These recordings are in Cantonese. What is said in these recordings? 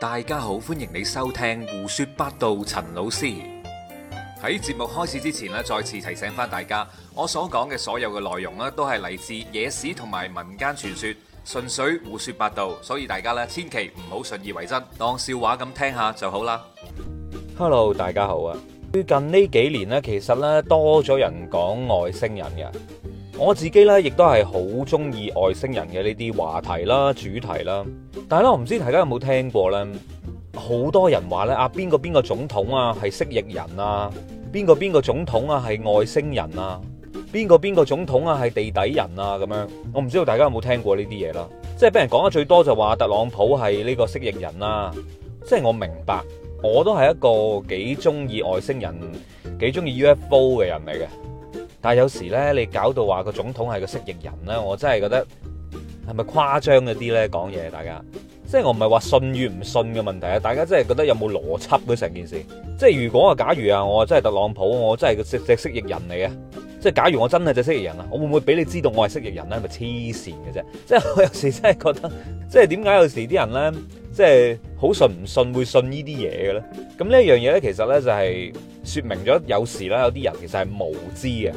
大家好，歡迎你收聽胡說八道。陳老師喺節目開始之前咧，再次提醒翻大家，我所講嘅所有嘅內容咧，都係嚟自野史同埋民間傳說，純粹胡說八道，所以大家咧千祈唔好信以為真，當笑話咁聽下就好啦。Hello，大家好啊！最近呢幾年咧，其實咧多咗人講外星人嘅。我自己咧，亦都係好中意外星人嘅呢啲話題啦、主題啦。但係咧，我唔知大家有冇聽過呢？好多人話呢，啊邊個邊個總統啊係蜥蜴人啊，邊個邊個總統啊係外星人啊，邊個邊個總統啊係、啊、地底人啊咁樣。我唔知道大家有冇聽過呢啲嘢啦。即係俾人講得最多就話特朗普係呢個蜥蜴人啦、啊。即係我明白，我都係一個幾中意外星人、幾中意 UFO 嘅人嚟嘅。但有時咧，你搞到話個總統係個蜥蜴人咧，我真係覺得係咪誇張嗰啲咧講嘢？大家，即係我唔係話信與唔信嘅問題啊！大家真係覺得有冇邏輯嗰成件事？即係如果啊，假如啊，我真係特朗普，我真係個隻隻蜥蜴人嚟嘅。即係假如我真係隻蜥蜴人啊，我會唔會俾你知道我係蜥蜴人咧？係咪黐線嘅啫！即係我有時真係覺得，即係點解有時啲人咧，即係好信唔信會信呢啲嘢嘅咧？咁呢一樣嘢咧，其實咧就係說明咗有時咧有啲人其實係無知嘅。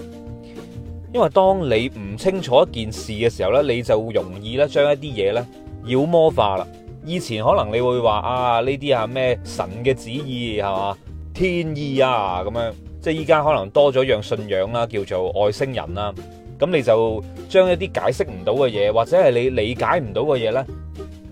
因為當你唔清楚一件事嘅時候呢，你就容易咧將一啲嘢咧妖魔化啦。以前可能你會話啊，呢啲係咩神嘅旨意係嘛，天意啊咁樣，即係依家可能多咗樣信仰啦，叫做外星人啦。咁你就將一啲解釋唔到嘅嘢，或者係你理解唔到嘅嘢呢，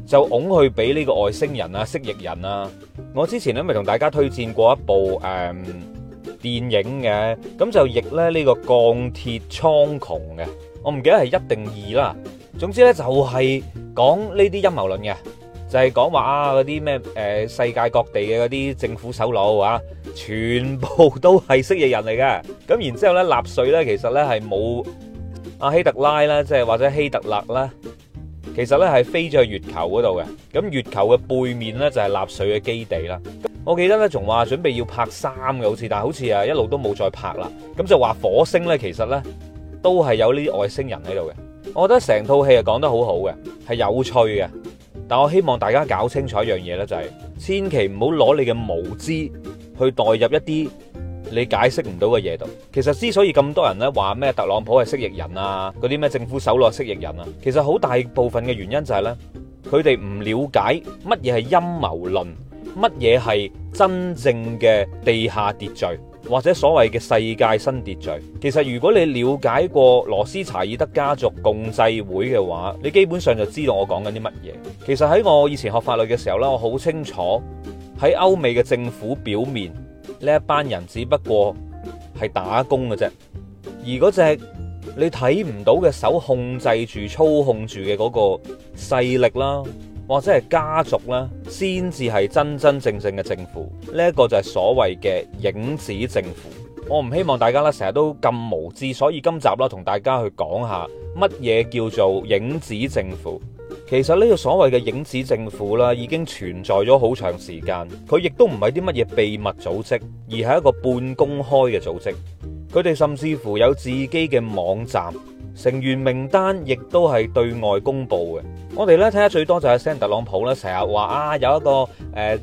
就拱去俾呢個外星人啊、蜥蜴人啊。我之前咧咪同大家推薦過一部誒。嗯電影嘅，咁就譯咧呢個《鋼鐵蒼穹》嘅，我唔記得係一定二啦。總之咧就係講呢啲陰謀論嘅，就係講話啊嗰啲咩誒世界各地嘅嗰啲政府首腦啊，全部都係蜥蜴人嚟嘅。咁然之後咧納粹咧其實咧係冇阿希特拉啦，即係或者希特勒啦。其實呢係飛咗去月球嗰度嘅，咁月球嘅背面呢，就係納粹嘅基地啦。我記得呢，仲話準備要拍三嘅，好似但係好似啊一路都冇再拍啦。咁就話火星呢，其實呢都係有呢啲外星人喺度嘅。我覺得成套戲啊講得好好嘅，係有趣嘅。但我希望大家搞清楚一樣嘢呢，就係千祈唔好攞你嘅無知去代入一啲。你解釋唔到嘅嘢度，其實之所以咁多人呢話咩特朗普係蜥蜴人啊，嗰啲咩政府首腦蜥蜴人啊，其實好大部分嘅原因就係呢：佢哋唔了解乜嘢係陰謀論，乜嘢係真正嘅地下秩序或者所謂嘅世界新秩序。其實如果你了解過羅斯柴爾德家族共濟會嘅話，你基本上就知道我講緊啲乜嘢。其實喺我以前學法律嘅時候啦，我好清楚喺歐美嘅政府表面。呢一班人只不過係打工嘅啫，而嗰隻你睇唔到嘅手控制住，操控住嘅嗰個勢力啦，或者係家族啦，先至係真真正正嘅政府。呢一個就係所謂嘅影子政府。我唔希望大家咧成日都咁無知，所以今集啦同大家去講下乜嘢叫做影子政府。其實呢個所謂嘅影子政府啦，已經存在咗好長時間。佢亦都唔係啲乜嘢秘密組織，而係一個半公開嘅組織。佢哋甚至乎有自己嘅網站，成員名單亦都係對外公布嘅。我哋呢睇得最多就係身特朗普啦，成日話啊有一個誒、呃、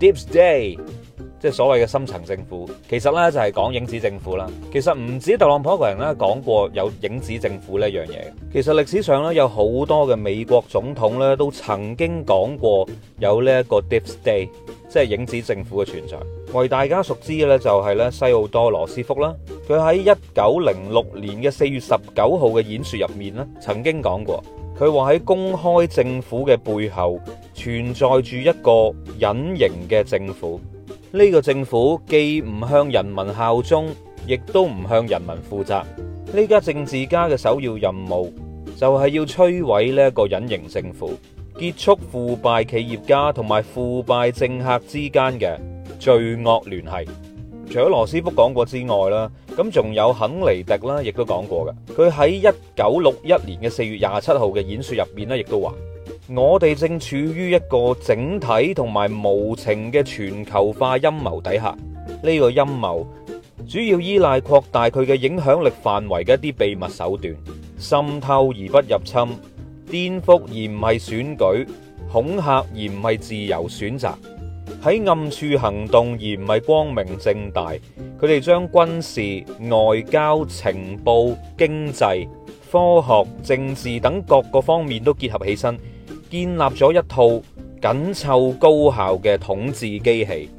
Deep State。即係所謂嘅深層政府，其實呢就係講影子政府啦。其實唔止特朗普一個人呢講過有影子政府呢一樣嘢。其實歷史上呢，有好多嘅美國總統呢都曾經講過有呢一個 deep state，即係影子政府嘅存在。為大家熟知嘅呢，就係呢西奧多羅斯福啦。佢喺一九零六年嘅四月十九號嘅演説入面呢曾經講過，佢話喺公開政府嘅背後存在住一個隱形嘅政府。呢個政府既唔向人民效忠，亦都唔向人民負責。呢家政治家嘅首要任務就係要摧毀呢一個隱形政府，結束腐敗企業家同埋腐敗政客之間嘅罪惡聯繫。除咗羅斯福講過之外啦，咁仲有肯尼迪啦，亦都講過嘅。佢喺一九六一年嘅四月廿七號嘅演説入面咧，亦都話。我哋正處於一個整體同埋無情嘅全球化陰謀底下。呢個陰謀主要依賴擴大佢嘅影響力範圍嘅一啲秘密手段，滲透而不入侵，顛覆而唔係選舉，恐吓而唔係自由選擇，喺暗處行動而唔係光明正大。佢哋將軍事、外交、情報、經濟、科學、政治等各個方面都結合起身。建立咗一套緊湊高效嘅統治機器，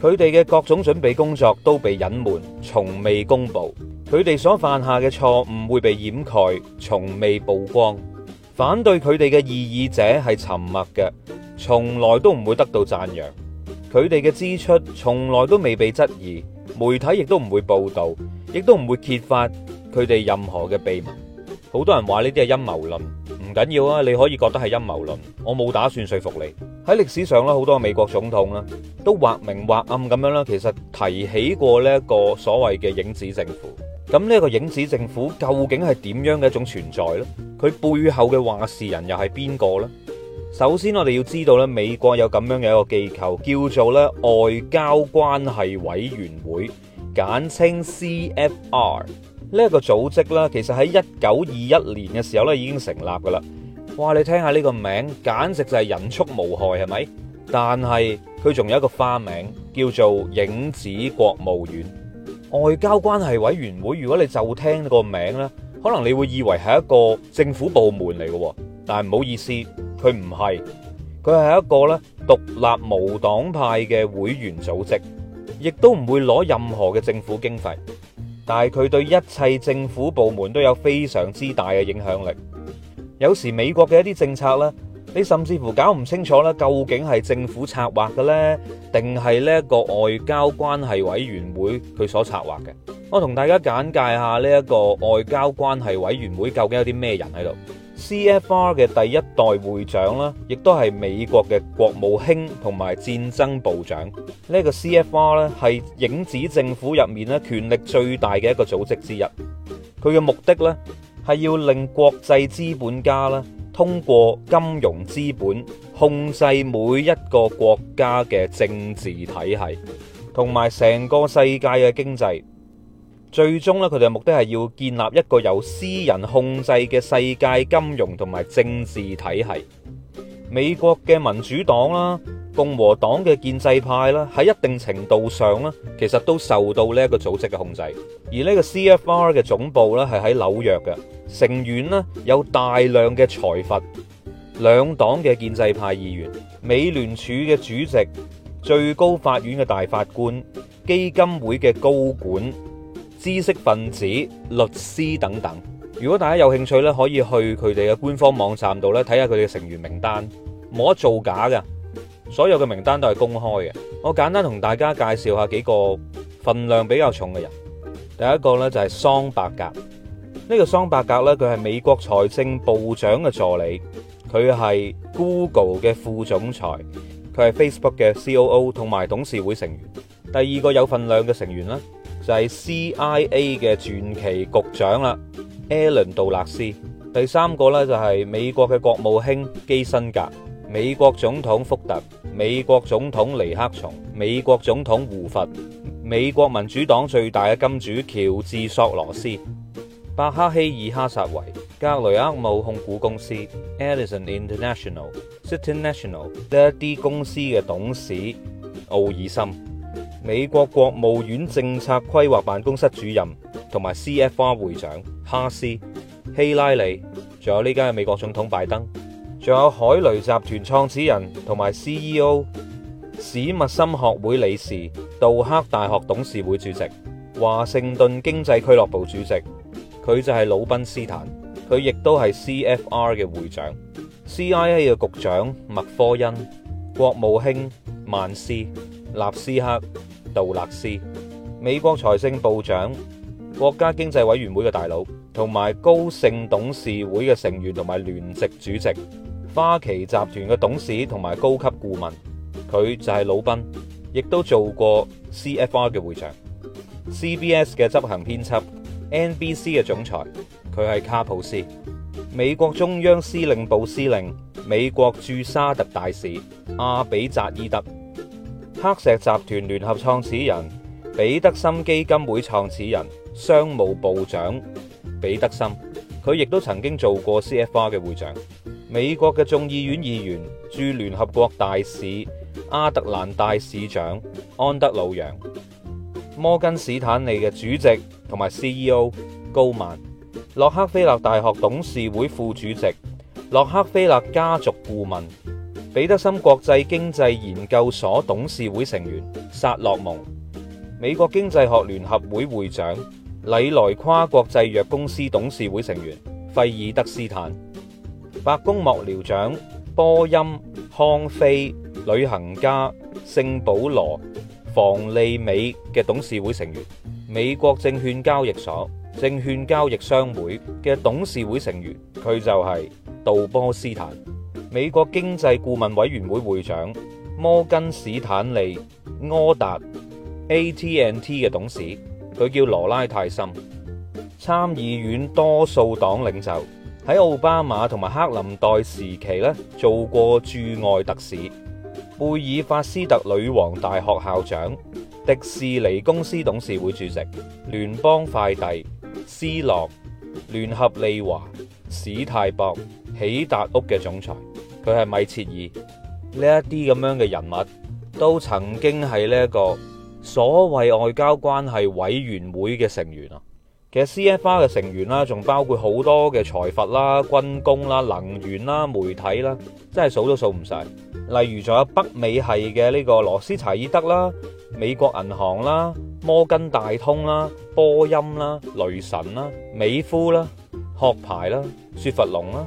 佢哋嘅各種準備工作都被隱瞞，從未公布；佢哋所犯下嘅錯誤會被掩蓋，從未曝光。反對佢哋嘅異議者係沉默嘅，從來都唔會得到讚揚。佢哋嘅支出從來都未被質疑，媒體亦都唔會報道，亦都唔會揭發佢哋任何嘅秘密。好多人話呢啲係陰謀論。唔緊要啊，你可以覺得係陰謀論，我冇打算說服你。喺歷史上咧，好多美國總統啦，都或明或暗咁樣啦，其實提起過呢一個所謂嘅影子政府。咁呢個影子政府究竟係點樣嘅一種存在呢？佢背後嘅話事人又係邊個呢？首先我哋要知道咧，美國有咁樣嘅一個機構叫做咧外交關係委員會，簡稱 CFR。呢一個組織啦，其實喺一九二一年嘅時候咧已經成立噶啦。哇，你聽下呢個名，簡直就係人畜無害，係咪？但係佢仲有一個花名叫做影子國務院外交關係委員會。如果你就聽個名呢，可能你會以為係一個政府部門嚟嘅。但係唔好意思，佢唔係，佢係一個咧獨立無黨派嘅會員組織，亦都唔會攞任何嘅政府經費。但係佢對一切政府部門都有非常之大嘅影響力。有時美國嘅一啲政策呢，你甚至乎搞唔清楚咧，究竟係政府策劃嘅呢，定係呢一個外交關係委員會佢所策劃嘅。我同大家簡介下呢一個外交關係委員會究竟有啲咩人喺度。C.F.R 嘅第一代會長啦，亦都係美國嘅國務卿同埋戰爭部長。呢個 C.F.R 咧，係影子政府入面咧，權力最大嘅一個組織之一。佢嘅目的咧，係要令國際資本家啦，通過金融資本控制每一個國家嘅政治體系，同埋成個世界嘅經濟。最終咧，佢哋嘅目的係要建立一個由私人控制嘅世界金融同埋政治體系。美國嘅民主黨啦、共和黨嘅建制派啦，喺一定程度上咧，其實都受到呢一個組織嘅控制。而呢個 CFR 嘅總部咧係喺紐約嘅，成員咧有大量嘅財閥、兩黨嘅建制派議員、美聯儲嘅主席、最高法院嘅大法官、基金會嘅高管。知識分子、律師等等。如果大家有興趣咧，可以去佢哋嘅官方網站度咧睇下佢哋嘅成員名單，冇得做假嘅，所有嘅名單都係公開嘅。我簡單同大家介紹下幾個份量比較重嘅人。第一個呢就係桑伯格，呢個桑伯格呢，佢係美國財政部長嘅助理，佢係 Google 嘅副總裁，佢係 Facebook 嘅 COO 同埋董事會成員。第二個有份量嘅成員咧。就係 CIA 嘅傳奇局長啦，艾倫杜勒斯；第三個咧就係美國嘅國務卿基辛格，美國總統福特，美國總統尼克松，美國總統胡佛，美國民主黨最大嘅金主喬治索羅斯，巴克哈希爾哈薩維，格雷厄姆控股公司 Edison International、Citigroup 呢一啲公司嘅董事奧爾森。美國國務院政策規劃辦公室主任，同埋 C.F.R. 會長哈斯、希拉里，仲有而家嘅美國總統拜登，仲有海雷集團創始人同埋 C.E.O. 史密森學會理事、杜克大學董事會主席、華盛頓經濟俱樂部主席，佢就係魯賓斯坦，佢亦都係 C.F.R. 嘅會長，C.I.A. 嘅局長麥科恩、國務卿曼斯。納斯克杜勒斯，美國財政部長、國家經濟委員會嘅大佬，同埋高盛董事會嘅成員同埋聯席主席，花旗集團嘅董事同埋高級顧問，佢就係魯賓，亦都做過 CFR 嘅會長，CBS 嘅執行編輯，NBC 嘅總裁，佢係卡普斯，美國中央司令部司令，美國駐沙特大使阿比扎伊德。黑石集團聯合創始人、彼得森基金會創始人、商務部長彼得森，佢亦都曾經做過 CFR 嘅會長。美國嘅眾議院議員、駐聯合國大使、亞特蘭大市長安德魯楊，摩根士丹利嘅主席同埋 CEO 高曼，洛克菲勒大學董事會副主席、洛克菲勒家族顧問。彼得森國際經濟研究所董事會成員薩洛蒙，美國經濟學聯合會會長、禮來跨國製藥公司董事會成員費爾德斯坦，白宮幕僚長波音康菲旅行家聖保羅房利美嘅董事會成員，美國證券交易所證券交易商會嘅董事會成員，佢就係杜波斯坦。美國經濟顧問委員會會長，摩根史坦利柯達 AT&T 嘅董事，佢叫羅拉泰森。參議院多數黨領袖，喺奧巴馬同埋克林代時期咧做過駐外特使。貝爾法斯特女王大學校長，迪士尼公司董事會主席，聯邦快遞斯諾聯合利華史泰博。喜達屋嘅總裁，佢係米切爾，呢一啲咁樣嘅人物，都曾經係呢一個所謂外交關係委員會嘅成員啊。其實 C F R 嘅成員啦，仲包括好多嘅財閥啦、軍工啦、能源啦、媒體啦，真係數都數唔晒。例如仲有北美系嘅呢個羅斯柴爾德啦、美國銀行啦、摩根大通啦、波音啦、雷神啦、美孚啦、殼牌啦、雪佛龍啦。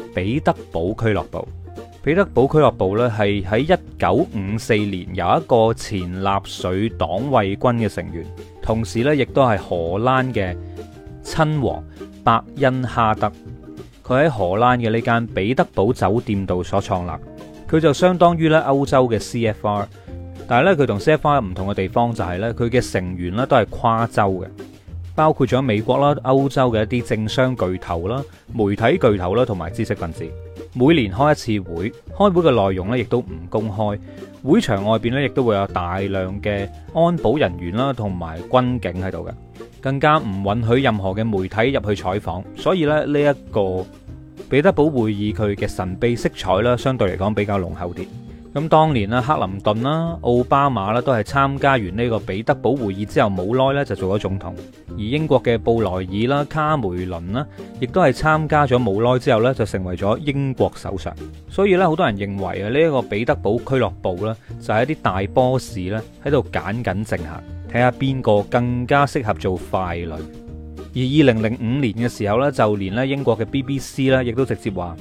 彼得堡俱樂部，彼得堡俱樂部咧係喺一九五四年由一個前納粹黨衛軍嘅成員，同時咧亦都係荷蘭嘅親王伯恩哈德，佢喺荷蘭嘅呢間彼得堡酒店度所創立，佢就相當於咧歐洲嘅 C F R，但係咧佢同 C F R 唔同嘅地方就係咧佢嘅成員咧都係跨洲嘅。包括咗美國啦、歐洲嘅一啲政商巨頭啦、媒體巨頭啦，同埋知識分子。每年開一次會，開會嘅內容呢亦都唔公開。會場外邊呢亦都會有大量嘅安保人員啦，同埋軍警喺度嘅。更加唔允許任何嘅媒體入去採訪。所以咧，呢一個彼得堡會議佢嘅神秘色彩咧，相對嚟講比較濃厚啲。咁當年啦，克林頓啦、奧巴馬啦，都係參加完呢個彼得堡會議之後冇耐咧，就做咗總統；而英國嘅布萊爾啦、卡梅倫啦，亦都係參加咗冇耐之後咧，就成為咗英國首相。所以咧，好多人認為啊，呢、這、一個彼得堡俱樂部咧，就係、是、啲大 boss 咧喺度揀緊政客，睇下邊個更加適合做傀儡。而二零零五年嘅時候咧，就連咧英國嘅 BBC 啦，亦都直接話。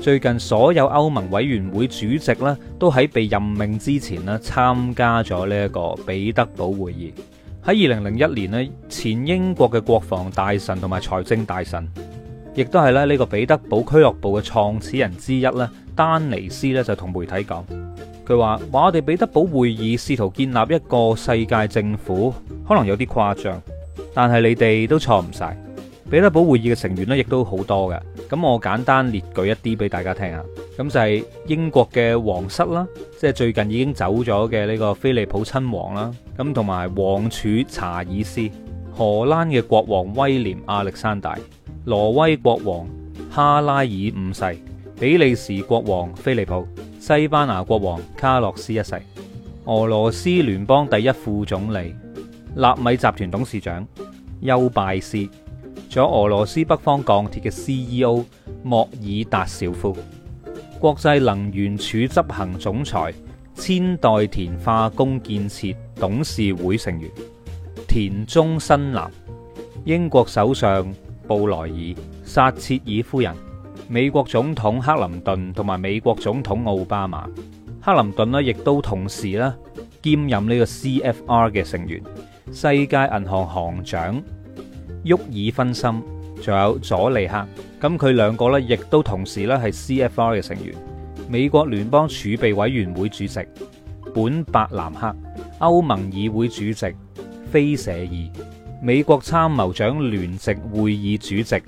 最近所有歐盟委員會主席咧，都喺被任命之前咧，參加咗呢一個彼得堡會議。喺二零零一年咧，前英國嘅國防大臣同埋財政大臣，亦都係咧呢個彼得堡俱樂部嘅創始人之一咧，丹尼斯咧就同媒體講：佢話話「我哋彼得堡會議試圖建立一個世界政府，可能有啲誇張，但係你哋都錯唔晒。」彼得堡會議嘅成員咧，亦都好多嘅。咁我簡單列舉一啲俾大家聽啊。咁就係英國嘅皇室啦，即係最近已經走咗嘅呢個菲利普親王啦。咁同埋王儲查爾斯、荷蘭嘅國王威廉亞歷山大、挪威國王哈拉爾五世、比利時國王菲利普、西班牙國王卡洛斯一世、俄羅斯聯邦第一副總理、納米集團董事長、丘拜斯。咗俄羅斯北方鋼鐵嘅 CEO 莫爾達紹夫，國際能源署執行總裁，千代田化工建設董事會成員田中新南、英國首相布萊爾、撒切爾夫人，美國總統克林頓同埋美國總統奧巴馬，克林頓呢亦都同時呢兼任呢個 CFR 嘅成員，世界銀行行長。沃爾芬森，仲有佐利克，咁佢兩個呢亦都同時呢係 CFR 嘅成員。美國聯邦儲備委員會主席本伯南克，歐盟議會主席菲舍爾，美國參謀長聯席會議主席，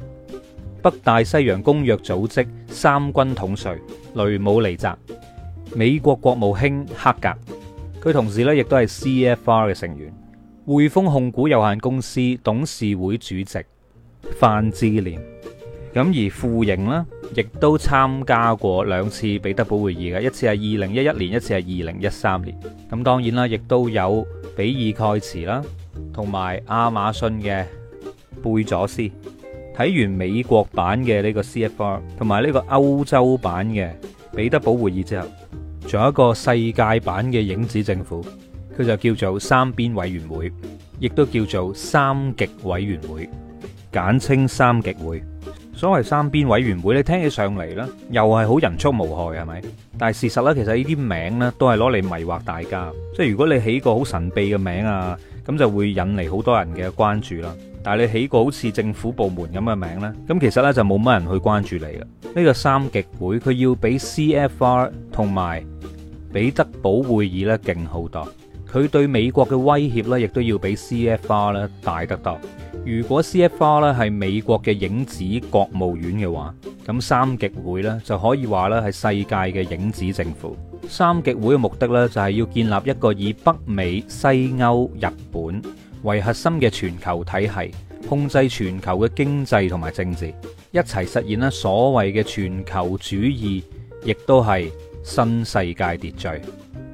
北大西洋公約組織三軍統帥雷姆尼澤，美國國務卿黑格，佢同時呢亦都係 CFR 嘅成員。匯豐控股有限公司董事會主席范智廉，咁而傅瑩啦，亦都參加過兩次彼得堡會議嘅，一次係二零一一年，一次係二零一三年。咁當然啦，亦都有比爾蓋茨啦，同埋亞馬遜嘅貝佐斯。睇完美國版嘅呢個 C F R 同埋呢個歐洲版嘅彼得堡會議之後，仲有一個世界版嘅影子政府。佢就叫做三邊委員會，亦都叫做三極委員會，簡稱三極會。所謂三邊委員會咧，你聽起上嚟咧，又係好人畜無害，係咪？但係事實咧，其實呢啲名咧都係攞嚟迷惑大家。即係如果你起個好神秘嘅名啊，咁就會引嚟好多人嘅關注啦。但係你起個好似政府部門咁嘅名咧，咁其實咧就冇乜人去關注你啦。呢個三極會，佢要比 CFR 同埋比德堡會議咧勁好多。佢對美國嘅威脅咧，亦都要比 CFR 咧大得多。如果 CFR 咧係美國嘅影子國務院嘅話，咁三極會呢就可以話咧係世界嘅影子政府。三極會嘅目的咧就係要建立一個以北美、西歐、日本為核心嘅全球體系，控制全球嘅經濟同埋政治，一齊實現呢所謂嘅全球主義，亦都係新世界秩序。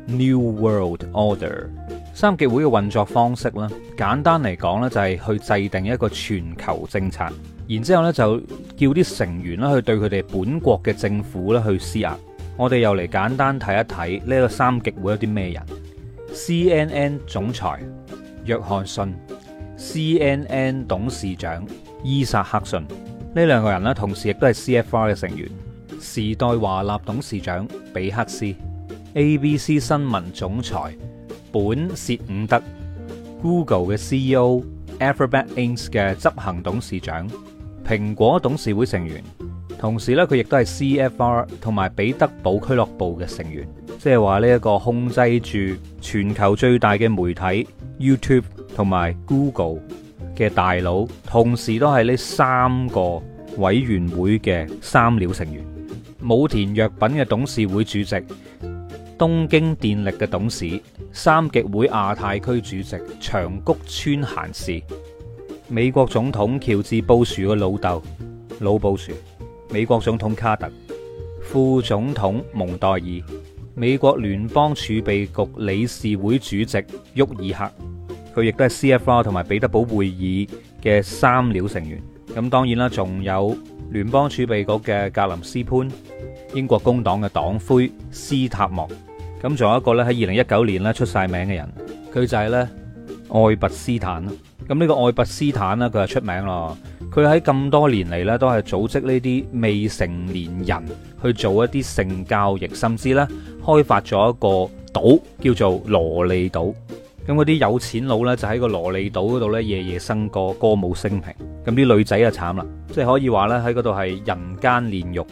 New World Order 三極會嘅運作方式呢，簡單嚟講呢，就係去制定一個全球政策，然之後呢，就叫啲成員呢去對佢哋本國嘅政府呢去施壓。我哋又嚟簡單睇一睇呢個三極會有啲咩人？CNN 總裁約翰遜、CNN 董事長伊薩克遜呢兩個人呢，同時亦都係 CFR 嘅成員。時代華納董事長比克斯。A.B.C 新聞總裁本薛伍德、Google 嘅 C.E.O、Alphabet Inc 嘅執行董事長、蘋果董事會成員，同時咧佢亦都係 C.F.R 同埋彼得堡俱樂部嘅成員，即係話呢一個控制住全球最大嘅媒體 YouTube 同埋 Google 嘅大佬，同時都係呢三個委員會嘅三料成員。武田藥品嘅董事會主席。東京電力嘅董事、三極會亞太區主席長谷川賢士、美國總統喬治布殊嘅老豆老布殊、美國總統卡特、副總統蒙代爾、美國聯邦儲備局理事會主席沃爾克，佢亦都係 CFR 同埋彼得堡會議嘅三鳥成員。咁當然啦，仲有聯邦儲備局嘅格林斯潘，英國工黨嘅黨魁斯塔莫。咁仲有一個呢，喺二零一九年呢出晒名嘅人，佢就係呢愛拔斯坦。咁呢個愛拔斯坦呢，佢係出名咯。佢喺咁多年嚟呢，都係組織呢啲未成年人去做一啲性交易，甚至呢開發咗一個島叫做蘿莉島。咁嗰啲有錢佬呢就喺個蘿莉島嗰度呢夜夜笙歌，歌舞升平。咁啲女仔啊慘啦，即係可以話呢喺嗰度係人間煉獄。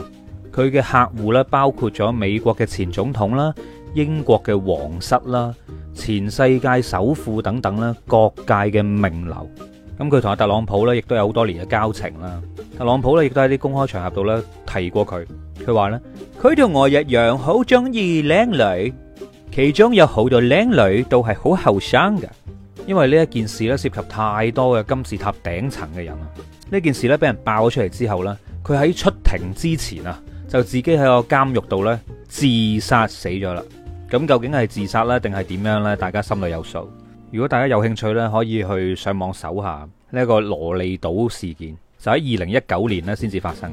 佢嘅客戶呢包括咗美國嘅前總統啦、英國嘅皇室啦、前世界首富等等啦，各界嘅名流。咁佢同阿特朗普呢亦都有好多年嘅交情啦。特朗普呢亦都喺啲公開場合度呢提過佢，佢話呢佢同我一樣好中意靚女。其中有好多靚女，都係好後生嘅，因為呢一件事咧涉及太多嘅金字塔頂層嘅人啊！呢件事咧俾人爆咗出嚟之後咧，佢喺出庭之前啊，就自己喺個監獄度咧自殺死咗啦！咁究竟係自殺呢？定係點樣呢？大家心裏有數。如果大家有興趣咧，可以去上網搜下呢一個蘿莉島事件，就喺二零一九年咧先至發生。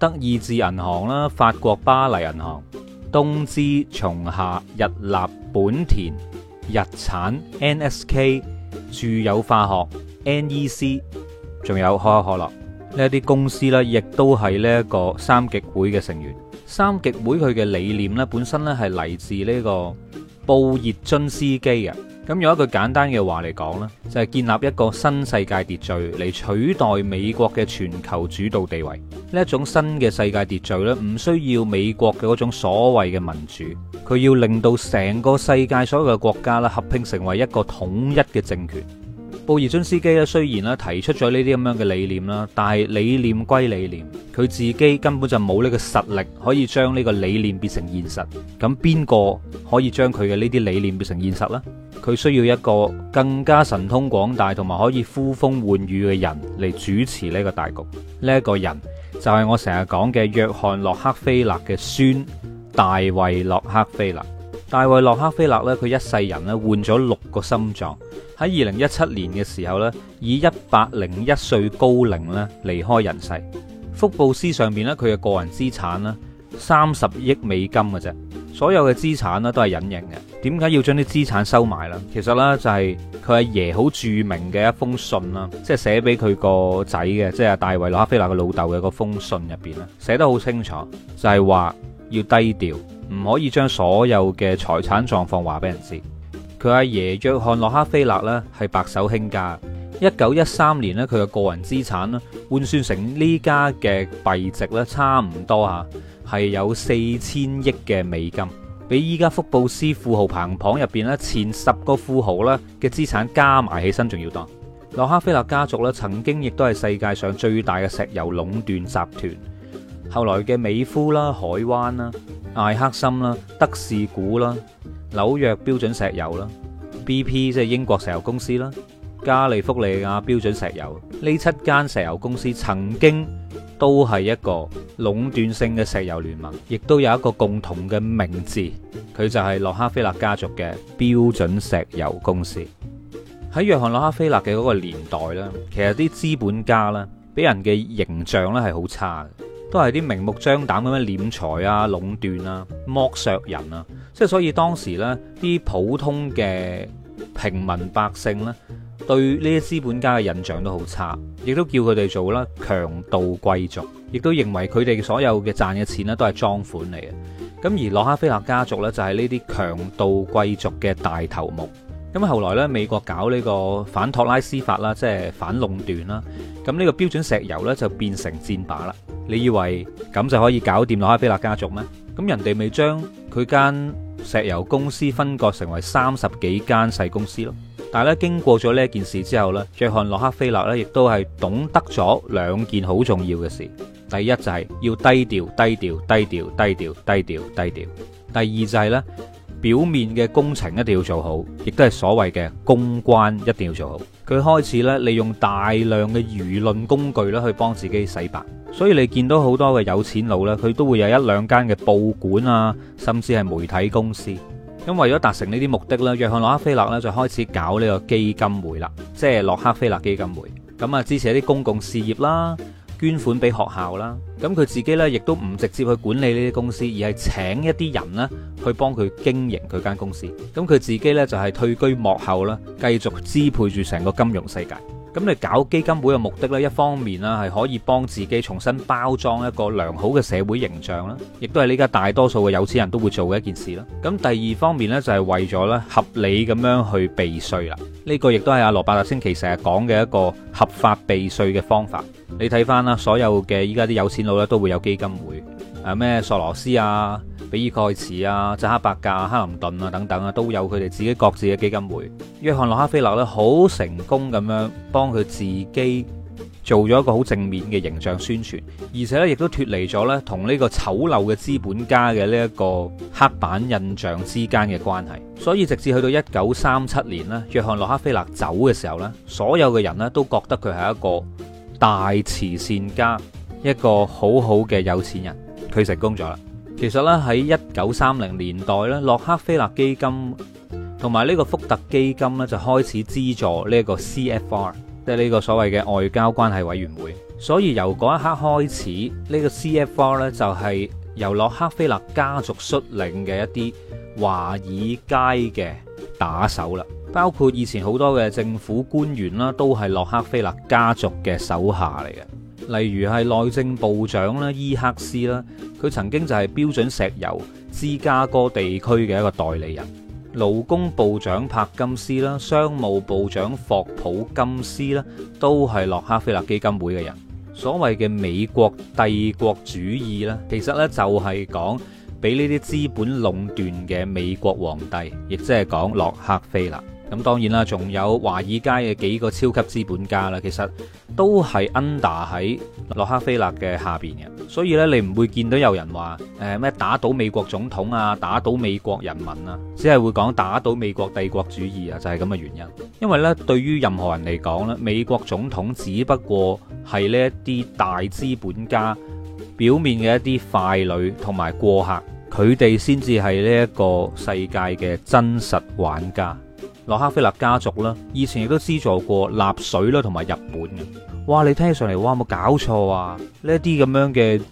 德意志銀行啦，法國巴黎銀行，東芝、松下、日立、本田、日產、NSK、住友化學、NEC，仲有可口可樂呢啲公司啦，亦都係呢一個三極會嘅成員。三極會佢嘅理念咧，本身咧係嚟自呢個布熱津斯基嘅。咁用一句簡單嘅話嚟講咧，就係建立一個新世界秩序嚟取代美國嘅全球主導地位。呢一種新嘅世界秩序咧，唔需要美國嘅嗰種所謂嘅民主，佢要令到成個世界所有嘅國家咧合併成為一個統一嘅政權。布爾津斯基咧，雖然咧提出咗呢啲咁樣嘅理念啦，但係理念歸理念，佢自己根本就冇呢個實力可以將呢個理念變成現實。咁邊個可以將佢嘅呢啲理念變成現實呢？佢需要一個更加神通廣大同埋可以呼風喚雨嘅人嚟主持呢個大局。呢一個人就係我成日講嘅約翰洛克菲勒嘅孫大衛洛克菲勒。大衛洛克菲勒咧，佢一世人咧換咗六個心臟，喺二零一七年嘅時候咧，以一百零一歲高齡咧離開人世。福布斯上邊咧，佢嘅個人資產咧三十億美金嘅啫，所有嘅資產咧都係隱形嘅。點解要將啲資產收埋啦？其實咧就係佢阿爺好著名嘅一封信啦，即係寫俾佢個仔嘅，即係大衛洛克菲勒嘅老豆嘅嗰封信入邊咧，寫得好清楚，就係話要低調。唔可以將所有嘅財產狀況話俾人知。佢阿爺約翰洛克，洛克菲勒呢係白手興家。一九一三年呢，佢嘅個人資產咧換算成呢家嘅幣值呢，差唔多吓，係有四千億嘅美金，比依家福布斯富豪排行榜入邊呢，前十個富豪呢嘅資產加埋起身仲要多。洛克菲勒家族呢，曾經亦都係世界上最大嘅石油壟斷集團。後來嘅美孚啦、海灣啦、艾克森啦、德士古啦、紐約標準石油啦、B.P. 即係英國石油公司啦、加利福尼亞標準石油呢七間石油公司曾經都係一個壟斷性嘅石油聯盟，亦都有一個共同嘅名字，佢就係洛克菲勒家族嘅標準石油公司。喺約翰洛克菲勒嘅嗰個年代啦，其實啲資本家啦，俾人嘅形象咧係好差嘅。都係啲明目張膽咁樣斂財啊、壟斷啊、剝削人啊，即係所以當時呢啲普通嘅平民百姓呢，對呢啲資本家嘅印象都好差，亦都叫佢哋做啦強盜貴族，亦都認為佢哋所有嘅賺嘅錢呢都係贓款嚟嘅。咁而洛克菲勒家族呢，就係呢啲強盜貴族嘅大頭目。咁後來咧，美國搞呢個反托拉斯法啦，即係反壟斷啦。咁呢個標準石油咧就變成戰靶啦。你以為咁就可以搞掂洛克菲勒家族咩？咁人哋咪將佢間石油公司分割成為三十幾間細公司咯。但係咧經過咗呢一件事之後咧，約翰洛克菲勒咧亦都係懂得咗兩件好重要嘅事。第一就係要低調，低調，低調，低調，低調，低調。第二就係咧。表面嘅工程一定要做好，亦都係所謂嘅公關一定要做好。佢開始咧利用大量嘅輿論工具咧去幫自己洗白，所以你見到好多嘅有錢佬咧，佢都會有一兩間嘅報館啊，甚至係媒體公司。咁為咗達成呢啲目的咧，約翰洛克菲勒咧就開始搞呢個基金會啦，即係洛克菲勒基金會咁啊，支持一啲公共事業啦。捐款俾學校啦，咁佢自己呢亦都唔直接去管理呢啲公司，而係請一啲人呢去幫佢經營佢間公司，咁佢自己呢就係退居幕後啦，繼續支配住成個金融世界。咁你搞基金會嘅目的呢，一方面呢係可以幫自己重新包裝一個良好嘅社會形象啦，亦都係呢家大多數嘅有錢人都會做嘅一件事啦。咁第二方面呢，就係為咗呢合理咁樣去避稅啦。呢個亦都係阿羅伯特星期成日講嘅一個合法避稅嘅方法。你睇翻啦，所有嘅依家啲有錢佬呢，都會有基金會，誒咩索羅斯啊、比爾蓋茨啊、扎克伯格、克林頓啊等等啊，都有佢哋自己各自嘅基金會。約翰洛克菲勒咧，好成功咁樣幫佢自己做咗一個好正面嘅形象宣傳，而且咧亦都脱離咗咧同呢個醜陋嘅資本家嘅呢一個黑板印象之間嘅關係。所以直至去到一九三七年呢，約翰洛克菲勒走嘅時候呢，所有嘅人呢，都覺得佢係一個大慈善家，一個好好嘅有錢人，佢成功咗啦。其實咧喺一九三零年代咧，洛克菲勒基金同埋呢個福特基金咧就開始資助呢個 CFR，即係呢個所謂嘅外交關係委員會。所以由嗰一刻開始，呢個 CFR 咧就係由洛克菲勒家族率領嘅一啲華爾街嘅打手啦，包括以前好多嘅政府官員啦，都係洛克菲勒家族嘅手下嚟嘅。例如係內政部長啦、伊克斯啦，佢曾經就係標準石油芝加哥地區嘅一個代理人；勞工部長帕金斯啦，商務部長霍普金斯啦，都係洛克菲勒基金會嘅人。所謂嘅美國帝國主義咧，其實呢就係講俾呢啲資本壟斷嘅美國皇帝，亦即係講洛克菲勒。咁當然啦，仲有華爾街嘅幾個超級資本家啦，其實都係 under 喺洛克菲勒嘅下邊嘅。所以呢，你唔會見到有人話誒咩打倒美國總統啊，打倒美國人民啊，只係會講打倒美國帝國主義啊，就係咁嘅原因。因為呢，對於任何人嚟講呢，美國總統只不過係呢一啲大資本家表面嘅一啲傀儡同埋過客，佢哋先至係呢一個世界嘅真實玩家。洛克菲勒家族啦，以前亦都資助過納粹啦，同埋日本嘅。哇，你聽起上嚟，哇，有冇搞錯啊！呢啲咁樣嘅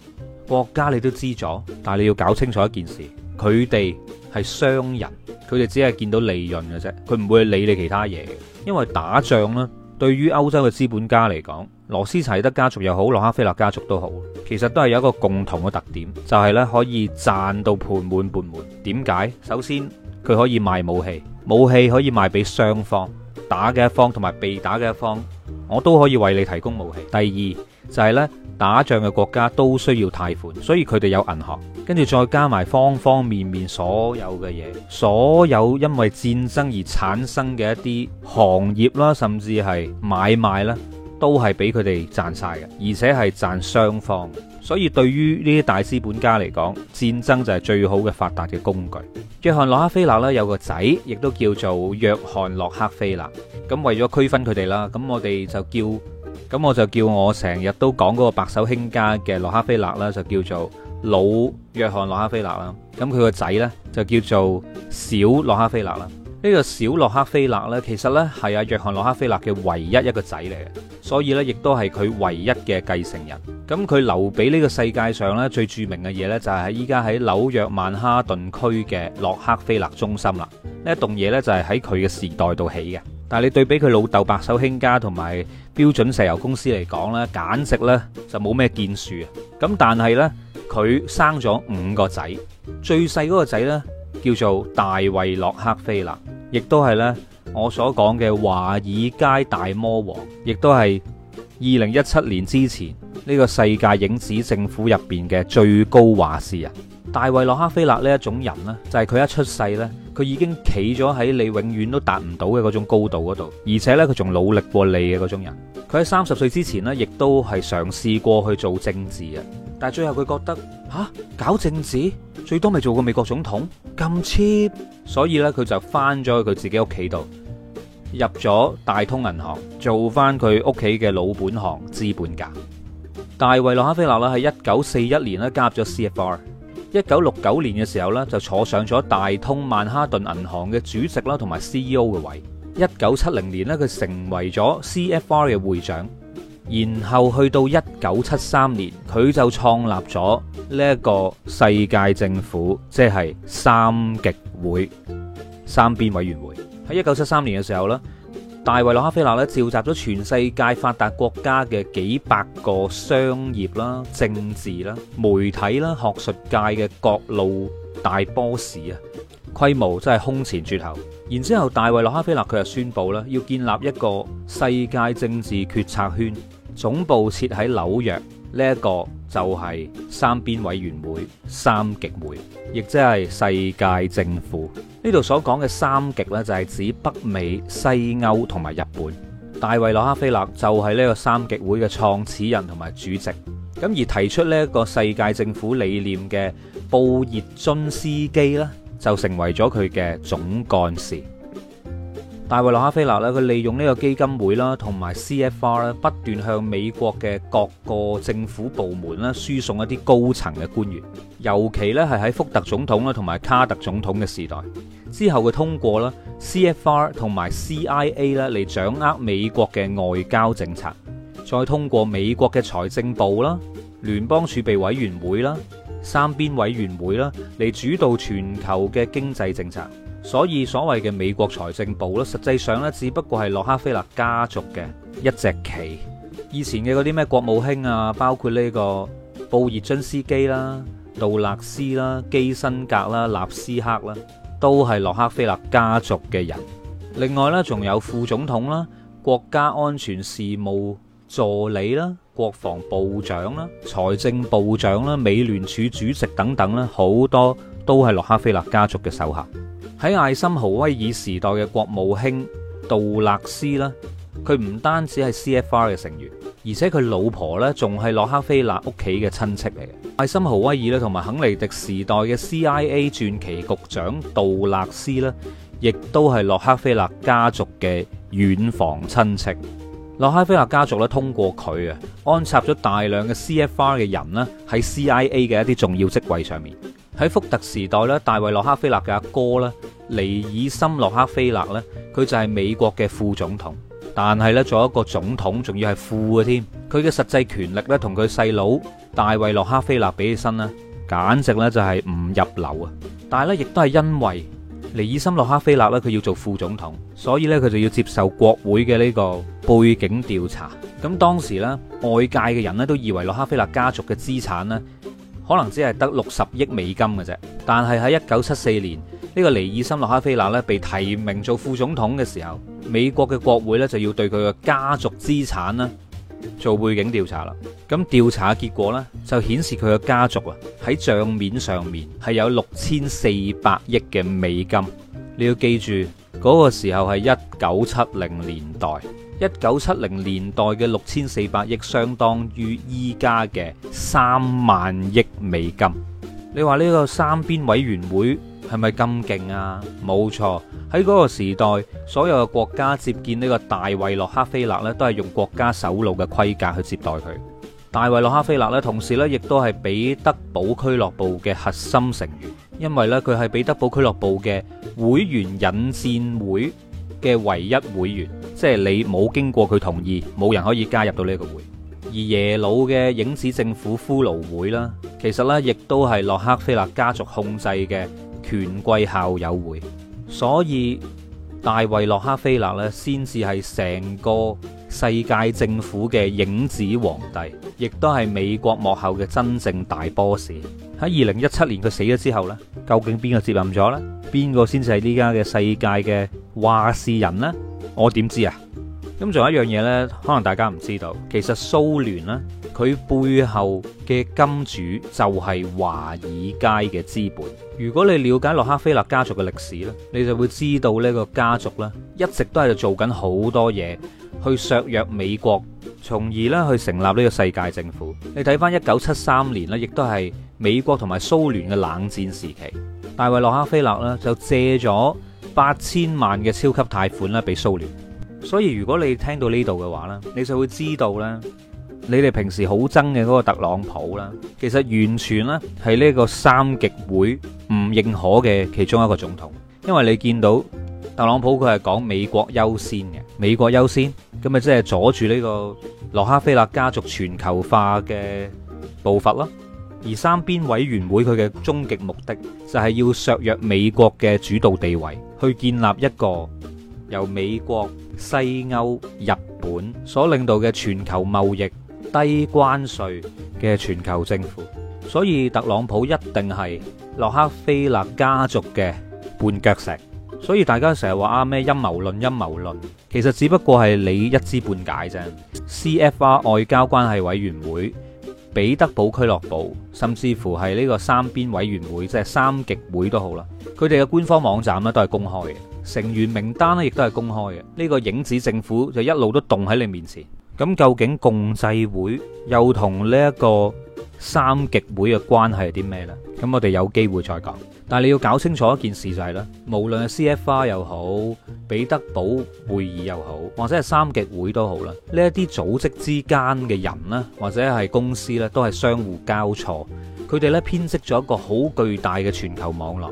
國家，你都資助，但係你要搞清楚一件事，佢哋係商人，佢哋只係見到利潤嘅啫，佢唔會理你其他嘢。因為打仗咧，對於歐洲嘅資本家嚟講，羅斯柴德家族又好，洛克菲勒家族都好，其實都係有一個共同嘅特點，就係呢，可以賺到盆滿缽滿。點解？首先，佢可以賣武器。武器可以賣俾雙方打嘅一方同埋被打嘅一方，我都可以為你提供武器。第二就係咧，打仗嘅國家都需要貸款，所以佢哋有銀行，跟住再加埋方方面面所有嘅嘢，所有因為戰爭而產生嘅一啲行業啦，甚至係買賣啦。都係俾佢哋賺晒嘅，而且係賺雙方。所以對於呢啲大資本家嚟講，戰爭就係最好嘅發達嘅工具。約翰洛克菲勒咧有個仔，亦都叫做約翰洛克菲勒。咁為咗區分佢哋啦，咁我哋就叫，咁我就叫我成日都講嗰個白手興家嘅洛克菲勒啦，就叫做老約翰洛克菲勒啦。咁佢個仔呢，就叫做小洛克菲勒啦。呢個小洛克菲勒呢，其實呢，係阿約翰洛克菲勒嘅唯一一個仔嚟嘅，所以呢，亦都係佢唯一嘅繼承人。咁佢留俾呢個世界上呢，最著名嘅嘢呢，就係喺依家喺紐約曼哈頓區嘅洛克菲勒中心啦。呢一棟嘢呢，就係喺佢嘅時代度起嘅。但係你對比佢老豆白手興家同埋標準石油公司嚟講呢，簡直呢，就冇咩建樹啊。咁但係呢，佢生咗五個仔，最細嗰個仔呢，叫做大衛洛克菲勒。亦都係呢，我所講嘅華爾街大魔王，亦都係二零一七年之前呢，這個世界影子政府入邊嘅最高話事人。大衛洛克菲勒呢一種人呢，就係、是、佢一出世呢，佢已經企咗喺你永遠都達唔到嘅嗰種高度嗰度，而且呢，佢仲努力過你嘅嗰種人。佢喺三十歲之前呢，亦都係嘗試過去做政治啊。但係最後佢覺得嚇、啊、搞政治最多咪做個美國總統咁 cheap，所以咧佢就翻咗去佢自己屋企度，入咗大通銀行做翻佢屋企嘅老本行資本家。大衛洛克菲勒咧喺一九四一年咧加入咗 C F R，一九六九年嘅時候呢，就坐上咗大通曼哈頓銀行嘅主席啦同埋 C E O 嘅位，一九七零年呢，佢成為咗 C F R 嘅會長。然後去到一九七三年，佢就創立咗呢一個世界政府，即係三極會、三邊委員會。喺一九七三年嘅時候呢，大衛洛克菲勒咧召集咗全世界發達國家嘅幾百個商業啦、政治啦、媒體啦、學術界嘅各路大 boss 啊，規模真係空前絕後。然之後，大衛洛克菲勒佢就宣布咧，要建立一個世界政治決策圈。總部設喺紐約呢一個就係三邊委員會、三極會，亦即係世界政府。呢度所講嘅三極呢，就係指北美、西歐同埋日本。大衛·洛克菲勒就係呢個三極會嘅創始人同埋主席。咁而提出呢一個世界政府理念嘅布熱津斯基呢，就成為咗佢嘅總幹事。大衛洛克菲勒咧，佢利用呢個基金會啦，同埋 C.F.R 咧，不斷向美國嘅各個政府部門咧輸送一啲高層嘅官員，尤其咧係喺福特總統啦，同埋卡特總統嘅時代之後，佢通過啦，C.F.R 同埋 C.I.A 咧嚟掌握美國嘅外交政策，再通過美國嘅財政部啦、聯邦儲備委員會啦、三邊委員會啦嚟主導全球嘅經濟政策。所以，所謂嘅美國財政部咧，實際上咧，只不過係洛克菲勒家族嘅一隻棋。以前嘅嗰啲咩國務卿啊，包括呢個布熱津斯基啦、杜勒斯啦、基辛格啦、納斯克啦，都係洛克菲勒家族嘅人。另外呢，仲有副總統啦、國家安全事務助理啦、國防部長啦、財政部長啦、美聯儲主席等等咧，好多都係洛克菲勒家族嘅手下。喺艾森豪威爾時代嘅國務卿杜勒斯呢，佢唔單止係 CFR 嘅成員，而且佢老婆呢仲係洛克菲勒屋企嘅親戚嚟嘅。艾森豪威爾咧同埋肯尼迪時代嘅 CIA 傳奇局長杜勒斯呢，亦都係洛克菲勒家族嘅遠房親戚。洛克菲勒家族咧通過佢啊，安插咗大量嘅 CFR 嘅人呢喺 CIA 嘅一啲重要職位上面。喺福特時代咧，大衛洛克菲勒嘅阿哥咧，尼爾森洛克菲勒咧，佢就係美國嘅副總統。但係咧，做一個總統仲要係副嘅添，佢嘅實際權力咧，同佢細佬大衛洛克菲勒比起身咧，簡直咧就係唔入流啊！但係咧，亦都係因為尼爾森洛克菲勒咧，佢要做副總統，所以咧佢就要接受國會嘅呢個背景調查。咁當時咧，外界嘅人咧都以為洛克菲勒家族嘅資產咧，可能只係得六十億美金嘅啫，但係喺一九七四年呢、這個尼爾森洛克菲勒咧被提名做副總統嘅時候，美國嘅國會咧就要對佢嘅家族資產啦做背景調查啦。咁調查嘅結果咧就顯示佢嘅家族啊喺賬面上面係有六千四百億嘅美金。你要記住嗰、那個時候係一九七零年代。一九七零年代嘅六千四百億，相當於依家嘅三萬億美金。你話呢個三邊委員會係咪咁勁啊？冇錯，喺嗰個時代，所有嘅國家接見呢個大衛洛克菲勒呢，都係用國家首腦嘅規格去接待佢。大衛洛克菲勒呢，同時呢，亦都係彼得堡俱樂部嘅核心成員，因為呢，佢係彼得堡俱樂部嘅會員引戰會嘅唯一會員，即係你冇經過佢同意，冇人可以加入到呢一個會。而耶魯嘅影子政府骷髏會啦，其實呢亦都係洛克菲勒家族控制嘅權貴校友會。所以大衛洛克菲勒呢，先至係成個世界政府嘅影子皇帝，亦都係美國幕後嘅真正大 boss。喺二零一七年佢死咗之後呢，究竟邊個接任咗呢？邊個先至係呢家嘅世界嘅話事人咧？我點知啊？咁仲有一樣嘢呢，可能大家唔知道，其實蘇聯呢，佢背後嘅金主就係華爾街嘅資本。如果你了解洛克菲勒家族嘅歷史呢，你就會知道呢個家族呢一直都係做緊好多嘢去削弱美國，從而呢去成立呢個世界政府。你睇翻一九七三年呢，亦都係。美國同埋蘇聯嘅冷戰時期，大衛·洛克菲勒咧就借咗八千萬嘅超級貸款咧俾蘇聯。所以如果你聽到呢度嘅話呢，你就會知道咧，你哋平時好憎嘅嗰個特朗普啦，其實完全呢係呢個三極會唔認可嘅其中一個總統。因為你見到特朗普，佢係講美國優先嘅，美國優先咁咪即係阻住呢個洛克菲勒家族全球化嘅步伐咯。而三邊委員會佢嘅終極目的就係要削弱美國嘅主導地位，去建立一個由美國、西歐、日本所領導嘅全球貿易低關稅嘅全球政府。所以特朗普一定係洛克菲勒家族嘅絆腳石。所以大家成日話啊咩陰謀論、陰謀論，其實只不過係你一知半解啫。CFR 外交關係委員會。彼得堡俱樂部，甚至乎係呢個三邊委員會，即係三極會都好啦。佢哋嘅官方網站咧都係公開嘅，成員名單咧亦都係公開嘅。呢個影子政府就一路都動喺你面前。咁究竟共濟會又同呢一個三極會嘅關係係啲咩呢？咁我哋有機會再講。但係你要搞清楚一件事就係咧，無論係 CFR 又好、彼得堡會議又好，或者係三極會都好啦，呢一啲組織之間嘅人咧，或者係公司咧，都係相互交錯。佢哋呢編織咗一個好巨大嘅全球網絡。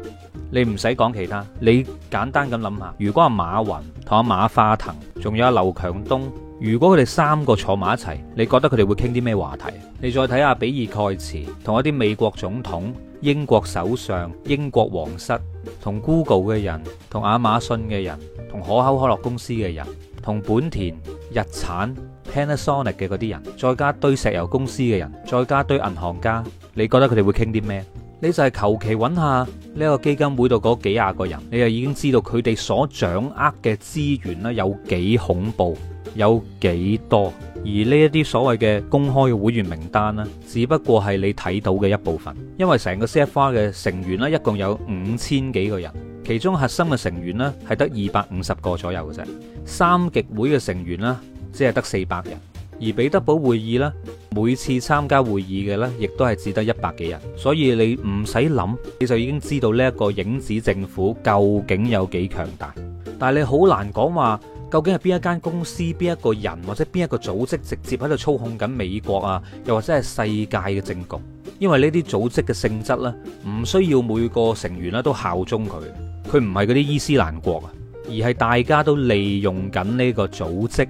你唔使講其他，你簡單咁諗下，如果阿馬雲同阿馬化騰，仲有阿劉強東，如果佢哋三個坐埋一齊，你覺得佢哋會傾啲咩話題？你再睇下比爾蓋茨同一啲美國總統。英國首相、英國皇室、同 Google 嘅人、同亞馬遜嘅人、同可口可樂公司嘅人、同本田、日產、Panasonic 嘅嗰啲人，再加堆石油公司嘅人，再加堆銀行家，你覺得佢哋會傾啲咩？你就係求其揾下呢個基金會度嗰幾廿個人，你就已經知道佢哋所掌握嘅資源咧有幾恐怖。有幾多？而呢一啲所謂嘅公開會員名單呢，只不過係你睇到嘅一部分，因為成個 CFR 嘅成員呢，一共有五千幾個人，其中核心嘅成員呢，係得二百五十個左右嘅啫。三極會嘅成員呢，只係得四百人，而彼得堡會議呢，每次參加會議嘅呢，亦都係只得一百幾人。所以你唔使諗，你就已經知道呢一個影子政府究竟有幾強大。但係你好難講話。究竟係邊一間公司、邊一個人或者邊一個組織直接喺度操控緊美國啊？又或者係世界嘅政局？因為呢啲組織嘅性質呢，唔需要每個成員咧都效忠佢，佢唔係嗰啲伊斯蘭國啊，而係大家都利用緊呢個組織，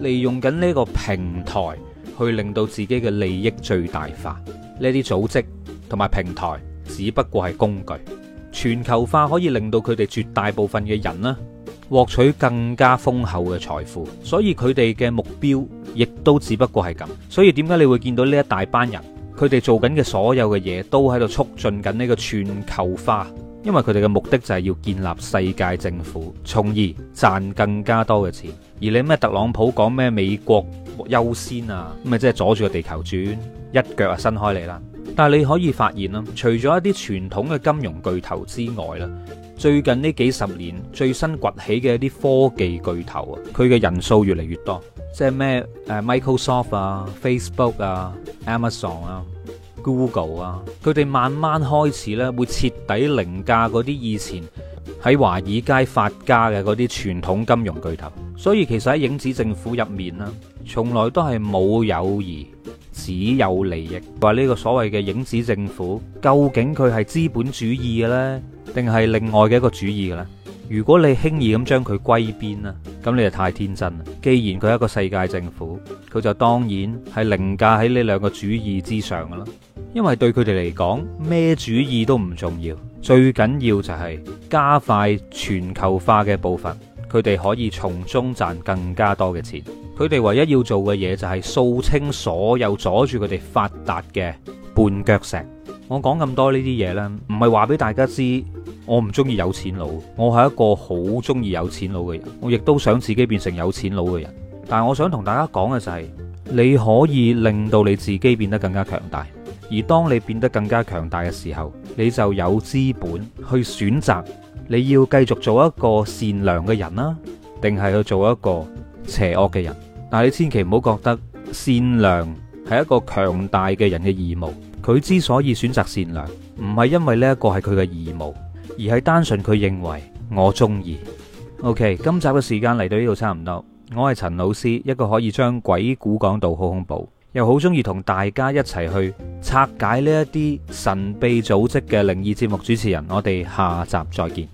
利用緊呢個平台去令到自己嘅利益最大化。呢啲組織同埋平台只不過係工具。全球化可以令到佢哋絕大部分嘅人咧，獲取更加豐厚嘅財富，所以佢哋嘅目標亦都只不過係咁。所以點解你會見到呢一大班人，佢哋做緊嘅所有嘅嘢都喺度促進緊呢個全球化，因為佢哋嘅目的就係要建立世界政府，從而賺更加多嘅錢。而你咩特朗普講咩美國優先啊，咁咪即係阻住個地球轉，一腳啊伸開嚟啦。但係你可以發現啦，除咗一啲傳統嘅金融巨頭之外咧。最近呢幾十年最新崛起嘅一啲科技巨頭啊，佢嘅人數越嚟越多，即係咩誒 Microsoft 啊、Facebook 啊、Amazon 啊、Google 啊，佢哋慢慢開始咧會徹底凌駕嗰啲以前喺華爾街發家嘅嗰啲傳統金融巨頭，所以其實喺影子政府入面咧，從來都係冇友誼。只有利益，話呢個所謂嘅影子政府，究竟佢係資本主義嘅呢，定係另外嘅一個主義嘅咧？如果你輕易咁將佢歸邊咧，咁你就太天真啦！既然佢係一個世界政府，佢就當然係凌駕喺呢兩個主義之上噶啦，因為對佢哋嚟講，咩主義都唔重要，最緊要就係加快全球化嘅步伐，佢哋可以從中賺更加多嘅錢。佢哋唯一要做嘅嘢就係掃清所有阻住佢哋發達嘅絆腳石。我講咁多呢啲嘢咧，唔係話俾大家知，我唔中意有錢佬，我係一個好中意有錢佬嘅人，我亦都想自己變成有錢佬嘅人。但係我想同大家講嘅就係，你可以令到你自己變得更加強大。而當你變得更加強大嘅時候，你就有資本去選擇你要繼續做一個善良嘅人啦，定係去做一個邪惡嘅人。但係你千祈唔好覺得善良係一個強大嘅人嘅義務，佢之所以選擇善良，唔係因為呢一個係佢嘅義務，而係單純佢認為我中意。OK，今集嘅時間嚟到呢度差唔多，我係陳老師，一個可以將鬼故講到好恐怖，又好中意同大家一齊去拆解呢一啲神秘組織嘅靈異節目主持人，我哋下集再見。